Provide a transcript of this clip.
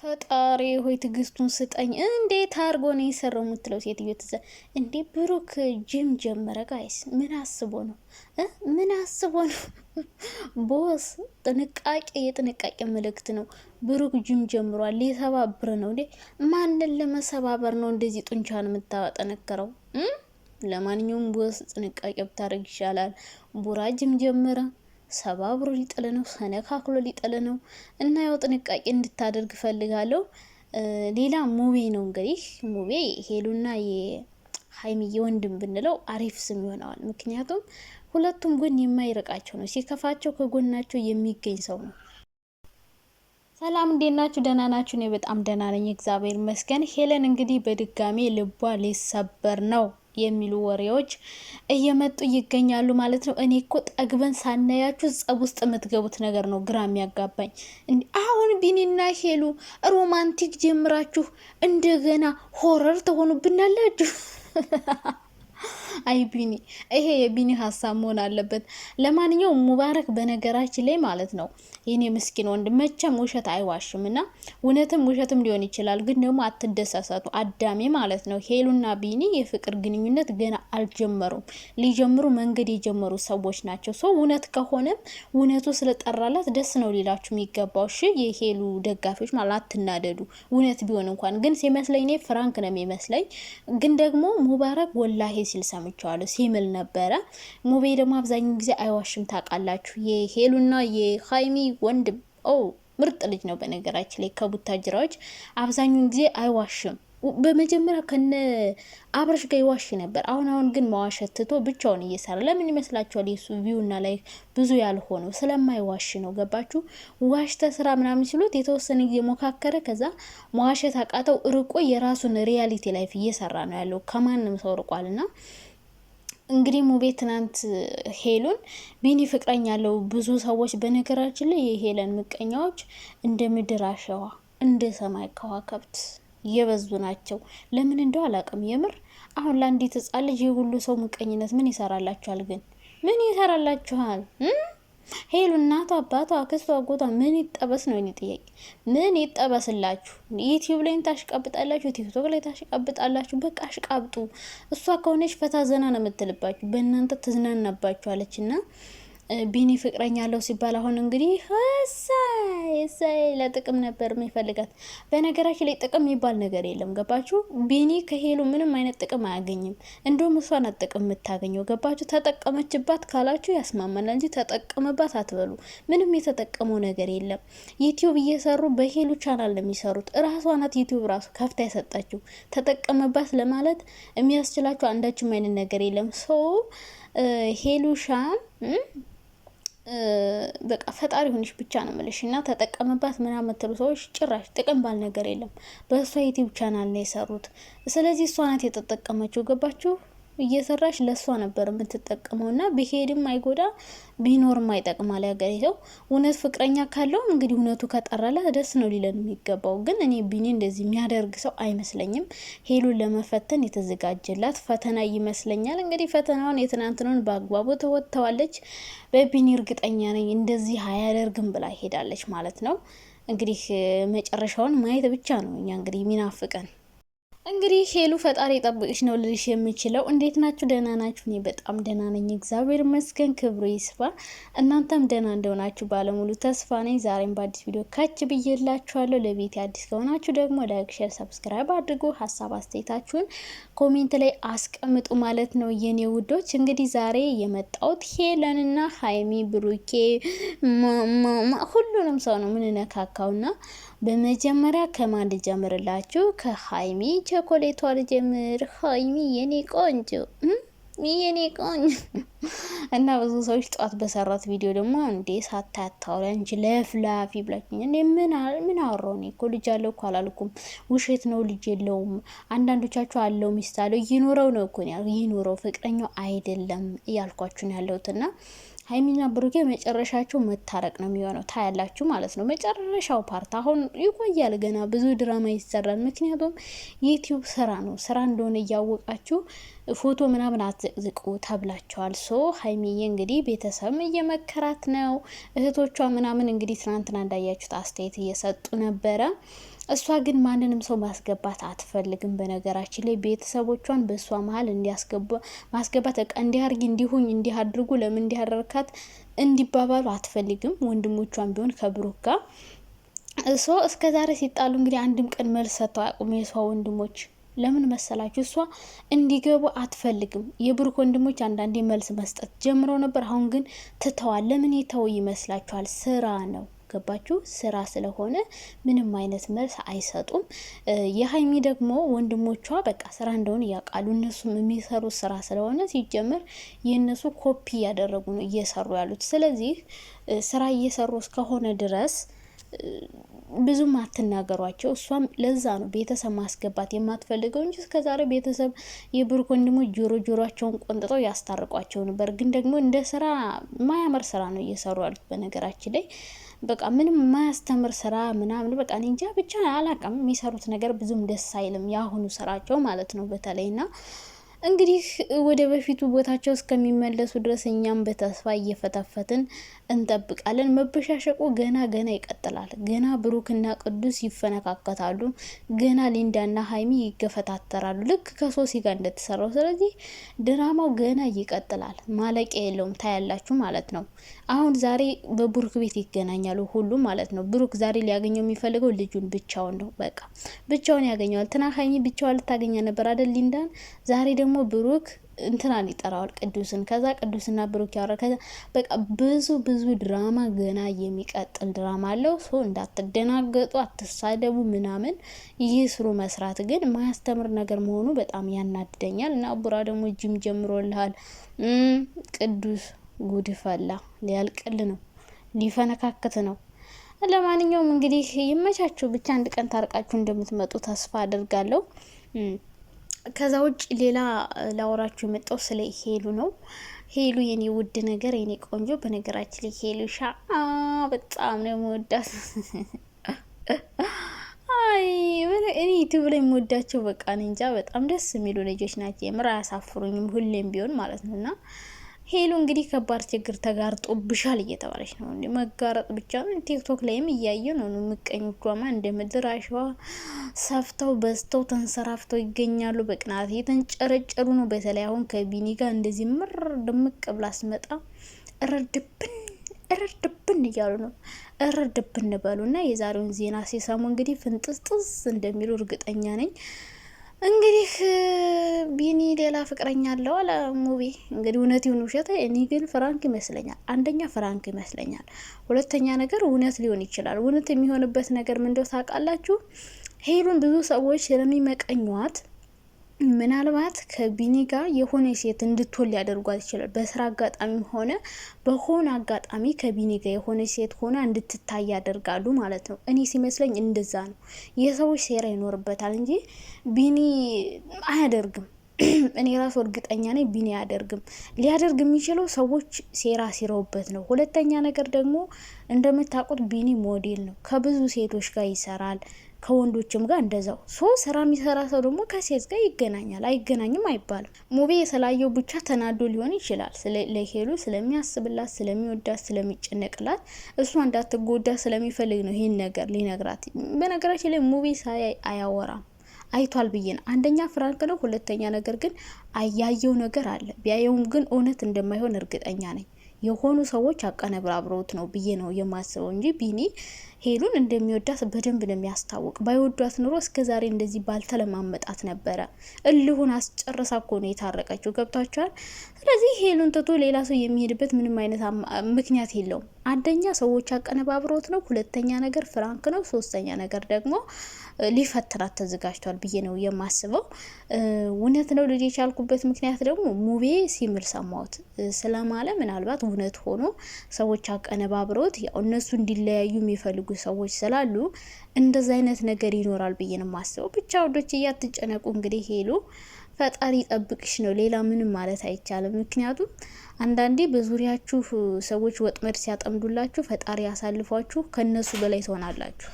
ፈጣሪ ሆይ ትግስቱን ስጠኝ። እንዴት አድርጎ ነው የሰራው የምትለው ሴትዮ ትዘ እንዴ ብሩክ ጅም ጀመረ። ጋይስ ምን አስቦ ነው? ምን አስቦ ነው? ቦስ ጥንቃቄ፣ የጥንቃቄ መልእክት ነው። ብሩክ ጅም ጀምሯል። ሊሰባብር ነው እንዴ? ማንን ለመሰባበር ነው እንደዚህ ጡንቻን የምታጠነክረው? ለማንኛውም ቦስ ጥንቃቄ ብታደርግ ይሻላል። ቡራ ጅም ጀመረ። ሰባብሮ ሊጥል ነው፣ ሰነካክሎ ሊጥል ነው እና ያው ጥንቃቄ እንድታደርግ እፈልጋለሁ። ሌላ ሙቤ ነው እንግዲህ ሙቤ ሄሉና የሀይሚዬ የወንድም ብንለው አሪፍ ስም ይሆነዋል። ምክንያቱም ሁለቱም ጎን የማይርቃቸው ነው፣ ሲከፋቸው ከጎናቸው የሚገኝ ሰው ነው። ሰላም እንዴት ናችሁ? ደህና ናችሁ? እኔ በጣም ደህና ነኝ፣ እግዚአብሔር ይመስገን። ሄለን እንግዲህ በድጋሜ ልቧ ሊሰበር ነው። የሚሉ ወሬዎች እየመጡ ይገኛሉ ማለት ነው። እኔ እኮ ጠግበን ሳናያችሁ ጸብ ውስጥ የምትገቡት ነገር ነው ግራ የሚያጋባኝ። አሁን ቢኒና ሄሉ ሮማንቲክ ጀምራችሁ እንደገና ሆረር ተሆኑብናላችሁ። አይ ቢኒ፣ ይሄ የቢኒ ሀሳብ መሆን አለበት። ለማንኛውም ሙባረክ በነገራችን ላይ ማለት ነው የኔ ምስኪን ወንድ መቼም ውሸት አይዋሽም እና እውነትም ውሸትም ሊሆን ይችላል፣ ግን ደግሞ አትደሳሳቱ አዳሜ ማለት ነው። ሄሉና ቢኒ የፍቅር ግንኙነት ገና አልጀመሩም። ሊጀምሩ መንገድ የጀመሩ ሰዎች ናቸው። ሰው እውነት ከሆነም እውነቱ ስለጠራላት ደስ ነው ሌላችሁ የሚገባው እሺ፣ የሄሉ ደጋፊዎች ማለት አትናደዱ። እውነት ቢሆን እንኳን ግን ሲመስለኝ እኔ ፍራንክ ነው የሚመስለኝ፣ ግን ደግሞ ሙባረክ ወላሄ ሲል ሰምቼ ሰምቸዋለሁ ሲምል ነበረ። ሙቤ ደግሞ አብዛኛውን ጊዜ አይዋሽም ታውቃላችሁ። የሄሉና የሀይሚ ወንድም ኦ ምርጥ ልጅ ነው። በነገራችን ላይ ከቡታጅራዎች አብዛኛውን ጊዜ አይዋሽም። በመጀመሪያ ከነ አብረሽ ጋር ይዋሽ ነበር። አሁን አሁን ግን መዋሸት ትቶ ብቻውን እየሰራ ለምን ይመስላችኋል? የሱ ቪውና ላይ ብዙ ያልሆነው ስለማይዋሽ ነው። ገባችሁ? ዋሽተ ስራ ምናምን ሲሉት የተወሰነ ጊዜ ሞካከረ። ከዛ መዋሸት አቃተው፣ ርቆ የራሱን ሪያሊቲ ላይፍ እየሰራ ነው ያለው። ከማንም ሰው ና እንግዲህ ሙቤ ትናንት ሄሉን ቢኒ ፍቅረኛ ያለው ብዙ ሰዎች በነገራችን ላይ የሄለን ምቀኛዎች እንደ ምድር አሸዋ እንደ ሰማይ ከዋከብት የበዙ ናቸው። ለምን እንደው አላቅም። የምር አሁን ለአንዲት ሕፃን ልጅ የሁሉ ሰው ምቀኝነት ምን ይሰራላችኋል? ግን ምን ይሰራላችኋል? አባቷ፣ አክስቷ፣ አጎቷ ምን ይጠበስ ነው የኔ ጥያቄ። ምን ይጠበስላችሁ? ዩቲዩብ ላይ ታሽቃብጣላችሁ፣ ቲክቶክ ላይ ታሽቀብጣላችሁ። በቃ አሽቃብጡ። እሷ ከሆነች ፈታ ዘና ነው የምትልባችሁ፣ በእናንተ ትዝናናባችኋለች እና ቢኒ ፍቅረኛ አለው ሲባል አሁን እንግዲህ እሰይ እሰይ ለጥቅም ነበር የሚፈልጋት። በነገራችን ላይ ጥቅም የሚባል ነገር የለም ገባችሁ? ቢኒ ከሄሉ ምንም አይነት ጥቅም አያገኝም። እንደውም እሷ ናት ጥቅም የምታገኘው ገባችሁ? ተጠቀመችባት ካላችሁ ያስማማናል እንጂ ተጠቀመባት አትበሉ። ምንም የተጠቀመው ነገር የለም። ዩትዩብ እየሰሩ በሄሉ ቻናል ነው የሚሰሩት። እራሷ ናት ዩቲዩብ ራሱ ከፍታ የሰጣችው። ተጠቀመባት ለማለት የሚያስችላቸው አንዳችም አይነት ነገር የለም። ሰው ሄሉሻ በቃ ፈጣሪ ሆንሽ ብቻ ነው ምልሽ። እና ተጠቀምባት ምናምን የምትሉ ሰዎች ጭራሽ ጥቅም ባል ነገር የለም። በእሷ ዩቲዩብ ቻናል ነው የሰሩት። ስለዚህ እሷ ናት የተጠቀመችው። ገባችሁ? እየሰራች ለእሷ ነበር የምትጠቀመው። እና ብሄድም አይጎዳ ቢኖርም አይጠቅማል ያገሬ ሰው። እውነት ፍቅረኛ ካለውም እንግዲህ እውነቱ ከጠራለ ደስ ነው ሊለን የሚገባው። ግን እኔ ቢኒ እንደዚህ የሚያደርግ ሰው አይመስለኝም። ሄሉን ለመፈተን የተዘጋጀላት ፈተና ይመስለኛል። እንግዲህ ፈተናውን የትናንትናውን በአግባቡ ተወጥተዋለች። በቢኒ እርግጠኛ ነኝ እንደዚህ አያደርግም ብላ ሄዳለች ማለት ነው። እንግዲህ መጨረሻውን ማየት ብቻ ነው እኛ እንግዲህ ሚናፍቀን እንግዲህ ሄሉ ፈጣሪ ጠብቅሽ ነው ልልሽ የምችለው። እንዴት ናችሁ? ደህና ናችሁ? እኔ በጣም ደህና ነኝ፣ እግዚአብሔር ይመስገን፣ ክብሩ ይስፋ። እናንተም ደህና እንደሆናችሁ ባለሙሉ ተስፋ ነኝ። ዛሬም በአዲስ ቪዲዮ ካች ብዬላችኋለሁ። ለቤት አዲስ ከሆናችሁ ደግሞ ላይክ፣ ሼር፣ ሰብስክራይብ አድርጉ። ሀሳብ አስተያየታችሁን ኮሜንት ላይ አስቀምጡ ማለት ነው የኔ ውዶች። እንግዲህ ዛሬ የመጣሁት ሄለንና ሀይሚ ብሩኬ ሁሉንም ሰው ነው ምንነካካውና በመጀመሪያ ከማን ልጀምርላችሁ? ከሀይሚ ቸኮሌቷ ልጀምር። ሀይሚ የኔ ቆንጆ የኔ ቆንጆ እና ብዙ ሰዎች ጠዋት በሰራት ቪዲዮ ደግሞ እንዴ ሳታያታውሪ እንጂ ለፍላፊ ብላችሁኝ፣ ምን አወራው? እኔ እኮ ልጅ አለው እኮ አላልኩም። ውሸት ነው፣ ልጅ የለውም። አንዳንዶቻችሁ አለው ሚስት አለው ይኖረው ነው እኮ ይኖረው፣ ፍቅረኛው አይደለም እያልኳችሁን ነው ያለሁትና ሀይሚና ብሩኬ መጨረሻቸው መታረቅ ነው የሚሆነው። ታያላችሁ ማለት ነው። መጨረሻው ፓርት አሁን ይቆያል። ገና ብዙ ድራማ ይሰራል። ምክንያቱም የዩትዩብ ስራ ነው። ስራ እንደሆነ እያወቃችሁ ፎቶ ምናምን አትዘቅዝቁ ተብላቸዋል። ሶ ሀይሚዬ እንግዲህ ቤተሰብ እየመከራት ነው። እህቶቿ ምናምን እንግዲህ ትናንትና እንዳያችሁት አስተያየት እየሰጡ ነበረ። እሷ ግን ማንንም ሰው ማስገባት አትፈልግም። በነገራችን ላይ ቤተሰቦቿን በእሷ መሀል እንዲያስገባ ማስገባት በቃ እንዲያርጊ እንዲሁኝ እንዲህ አድርጉ ለምን እንዲያደርካት እንዲባባሉ አትፈልግም። ወንድሞቿን ቢሆን ከብሩክ ጋር እሷ እስከዛሬ ሲጣሉ እንግዲህ አንድም ቀን መልስ ሰጥተው አያውቁም የእሷ ወንድሞች ለምን መሰላችሁ? እሷ እንዲገቡ አትፈልግም። የብሩክ ወንድሞች አንዳንዴ መልስ መስጠት ጀምረው ነበር። አሁን ግን ትተዋል። ለምን የተው ይመስላችኋል? ስራ ነው። ገባችሁ? ስራ ስለሆነ ምንም አይነት መልስ አይሰጡም። የሀይሚ ደግሞ ወንድሞቿ በቃ ስራ እንደሆነ እያውቃሉ እነሱም የሚሰሩ ስራ ስለሆነ ሲጀመር የእነሱ ኮፒ እያደረጉ ነው እየሰሩ ያሉት። ስለዚህ ስራ እየሰሩ እስከሆነ ድረስ ብዙም አትናገሯቸው። እሷም ለዛ ነው ቤተሰብ ማስገባት የማትፈልገው እንጂ እስከዛሬ ቤተሰብ የብሩክ ወንድሞች ጆሮ ጆሮቸውን ቆንጥጠው ያስታርቋቸው ነበር። ግን ደግሞ እንደ ስራ ማያመር ስራ ነው እየሰሩ ያሉት በነገራችን ላይ በቃ ምንም የማያስተምር ስራ ምናምን በቃ እንጃ ብቻ አላውቅም። የሚሰሩት ነገር ብዙም ደስ አይልም፣ የአሁኑ ስራቸው ማለት ነው በተለይ ና እንግዲህ ወደ በፊቱ ቦታቸው እስከሚመለሱ ድረስ እኛም በተስፋ እየፈተፈትን እንጠብቃለን። መበሻሸቁ ገና ገና ይቀጥላል። ገና ብሩክና ቅዱስ ይፈነካከታሉ። ገና ሊንዳና ሀይሚ ይገፈታተራሉ፣ ልክ ከሶሲ ጋር እንደተሰራው። ስለዚህ ድራማው ገና ይቀጥላል፣ ማለቂያ የለውም። ታያላችሁ ማለት ነው። አሁን ዛሬ በብሩክ ቤት ይገናኛሉ ሁሉ ማለት ነው። ብሩክ ዛሬ ሊያገኘው የሚፈልገው ልጁን ብቻውን ነው። በቃ ብቻውን ያገኘዋል። ትናንት ሀይሚ ብቻዋን ልታገኛ ነበር አደል ሊንዳን ዛሬ ደግሞ ብሩክ እንትናን ይጠራዋል ቅዱስን። ከዛ ቅዱስና ብሩክ ያወራል። ከዛ በቃ ብዙ ብዙ ድራማ ገና የሚቀጥል ድራማ አለው። ሶ እንዳትደናገጡ፣ አትሳደቡ ምናምን። ይህ ስሩ መስራት ግን ማያስተምር ነገር መሆኑ በጣም ያናድደኛል። እና ቡራ ደግሞ ጅም ጀምሮልሃል። ቅዱስ ጉድፈላ ሊያልቅል ነው፣ ሊፈነካክት ነው። ለማንኛውም እንግዲህ ይመቻችሁ። ብቻ አንድ ቀን ታርቃችሁ እንደምትመጡ ተስፋ አድርጋለሁ። ከዛ ውጭ ሌላ ላወራችሁ የመጣው ስለ ሄሉ ነው። ሄሉ የኔ ውድ ነገር የኔ ቆንጆ፣ በነገራችን ላይ ሄሉ ሻ በጣም ነው የምወዳት። አይ እኔ ዩቲዩብ ላይ የምወዳቸው በቃ እንጃ በጣም ደስ የሚሉ ልጆች ናቸው። የምር አያሳፍሩኝም ሁሌም ቢሆን ማለት ነው እና ሄሉ እንግዲህ ከባድ ችግር ተጋርጦብሻል እየተባለች ነው። እንዲ መጋረጥ ብቻ ነው። ቲክቶክ ላይም እያየ ነው ነው ምቀኞቿማ እንደ ምድር አሸዋ ሰፍተው በዝተው ተንሰራፍተው ይገኛሉ። በቅናት የተንጨረጨሩ ነው። በተለይ አሁን ከቢኒ ጋር እንደዚህ ምር ድምቅ ብላ ስመጣ እረድብን እረድብን እያሉ ነው። እረድብን በሉ እና የዛሬውን ዜና ሲሰሙ እንግዲህ ፍንጥስጥስ እንደሚሉ እርግጠኛ ነኝ። እንግዲህ ቢኒ ሌላ ፍቅረኛ አለው አለ ሙቪ። እንግዲህ እውነት ይሁን ውሸት፣ እኔ ግን ፍራንክ ይመስለኛል። አንደኛ ፍራንክ ይመስለኛል፣ ሁለተኛ ነገር እውነት ሊሆን ይችላል። እውነት የሚሆንበት ነገር ምንደው ታውቃላችሁ? ሄሉን ብዙ ሰዎች ስለሚመቀኟት ምናልባት ከቢኒ ጋር የሆነ ሴት እንድትወል ሊያደርጓት ይችላል። በስራ አጋጣሚ ሆነ በሆነ አጋጣሚ ከቢኒ ጋር የሆነ ሴት ሆና እንድትታይ ያደርጋሉ ማለት ነው። እኔ ሲመስለኝ እንደዛ ነው። የሰዎች ሴራ ይኖርበታል እንጂ ቢኒ አያደርግም። እኔ ራሱ እርግጠኛ ነኝ ቢኒ አያደርግም። ሊያደርግ የሚችለው ሰዎች ሴራ ሲረውበት ነው። ሁለተኛ ነገር ደግሞ እንደምታውቁት ቢኒ ሞዴል ነው። ከብዙ ሴቶች ጋር ይሰራል። ከወንዶችም ጋር እንደዛው ሶ ስራ የሚሰራ ሰው ደግሞ ከሴት ጋር ይገናኛል። አይገናኝም አይባልም። ሙቪ የተለያየው ብቻ ተናዶ ሊሆን ይችላል። ለሄሉ ስለሚያስብላት፣ ስለሚወዳት፣ ስለሚጨነቅላት እሷ እንዳትጎዳ ስለሚፈልግ ነው ይህን ነገር ሊነግራት። በነገራችን ላይ ሙቤ ሳይ አያወራም። አይቷል ብዬ ነው። አንደኛ ፍራንክ ነው፣ ሁለተኛ ነገር ግን አያየው ነገር አለ። ቢያየውም ግን እውነት እንደማይሆን እርግጠኛ ነኝ። የሆኑ ሰዎች አቀነብራብረውት ነው ብዬ ነው የማስበው እንጂ ቢኒ ሄሉን እንደሚወዳት በደንብ ነው የሚያስታውቅ። ባይወዷት ኑሮ እስከ ዛሬ እንደዚህ ባልተለማመጣት ነበረ። እልሁን አስጨረሳ እኮ ነው የታረቀችው። ገብቷቸዋል። ስለዚህ ሄሉን ትቶ ሌላ ሰው የሚሄድበት ምንም አይነት ምክንያት የለውም። አንደኛ ሰዎች አቀነባብሮት ነው፣ ሁለተኛ ነገር ፍራንክ ነው፣ ሶስተኛ ነገር ደግሞ ሊፈትናት ተዘጋጅቷል ብዬ ነው የማስበው። እውነት ነው ልጅ የቻልኩበት ምክንያት ደግሞ ሙቤ ሲምል ሰማሁት ስለማለ ምናልባት እውነት ሆኖ ሰዎች አቀነባብሮት ያው እነሱ እንዲለያዩ የሚፈልጉ ሰዎች ስላሉ እንደዚ አይነት ነገር ይኖራል ብዬ ነው የማስበው። ብቻ ወዶች እያትጨነቁ እንግዲህ ሄሉ ፈጣሪ ጠብቅሽ ነው። ሌላ ምንም ማለት አይቻልም። ምክንያቱም አንዳንዴ በዙሪያችሁ ሰዎች ወጥመድ ሲያጠምዱላችሁ ፈጣሪ ያሳልፏችሁ፣ ከነሱ በላይ ትሆናላችሁ።